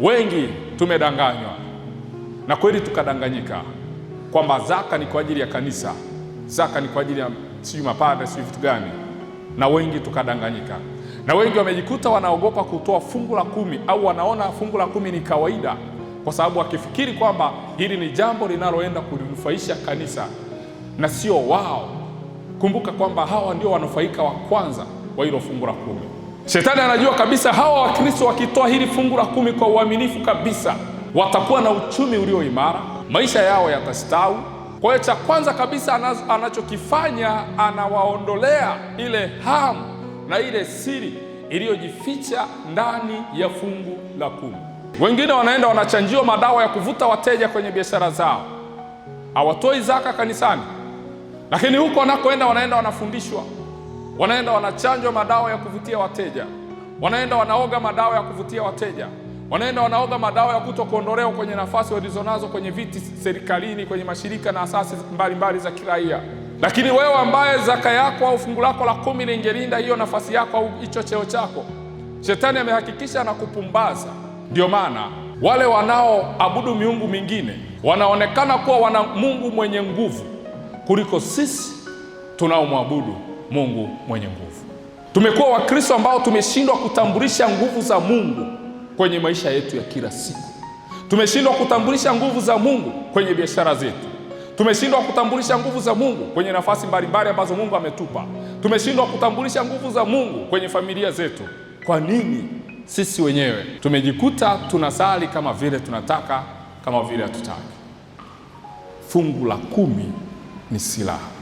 Wengi tumedanganywa na kweli tukadanganyika kwamba zaka ni kwa ajili ya kanisa, zaka ni kwa ajili ya sijui mapadre, sijui vitu gani, na wengi tukadanganyika, na wengi wamejikuta wanaogopa kutoa fungu la kumi, au wanaona fungu la kumi ni kawaida, kwa sababu wakifikiri kwamba hili ni jambo linaloenda kulinufaisha kanisa na sio wao. Kumbuka kwamba hawa ndio wanufaika wa kwanza wa hilo fungu la kumi. Shetani anajua kabisa hawa Wakristo wakitoa hili fungu la kumi kwa uaminifu kabisa, watakuwa na uchumi ulio imara, maisha yao yatastawi. Kwa hiyo cha kwanza kabisa anachokifanya, anawaondolea ile hamu na ile siri iliyojificha ndani ya fungu la kumi. Wengine wanaenda wanachanjiwa madawa ya kuvuta wateja kwenye biashara zao, hawatoi zaka kanisani, lakini huko wanakoenda wanaenda wanafundishwa wanaenda wanachanjwa madawa ya kuvutia wateja, wanaenda wanaoga madawa ya kuvutia wateja, wanaenda wanaoga madawa ya kuto kuondolewa kwenye nafasi walizonazo kwenye viti serikalini, kwenye mashirika na asasi mbalimbali za kiraia. Lakini wewe ambaye zaka yako au fungu lako la kumi lingelinda hiyo nafasi yako au hicho cheo chako, shetani amehakikisha na kupumbaza Ndio maana wale wanaoabudu miungu mingine wanaonekana kuwa wana Mungu mwenye nguvu kuliko sisi tunaomwabudu. Mungu mwenye nguvu. Tumekuwa Wakristo ambao tumeshindwa kutambulisha nguvu za Mungu kwenye maisha yetu ya kila siku. Tumeshindwa kutambulisha nguvu za Mungu kwenye biashara zetu. Tumeshindwa kutambulisha nguvu za Mungu kwenye nafasi mbalimbali ambazo Mungu ametupa. Tumeshindwa kutambulisha nguvu za Mungu kwenye familia zetu. Kwa nini sisi wenyewe tumejikuta tunasali kama vile tunataka, kama vile hatutaki? Fungu la kumi ni silaha.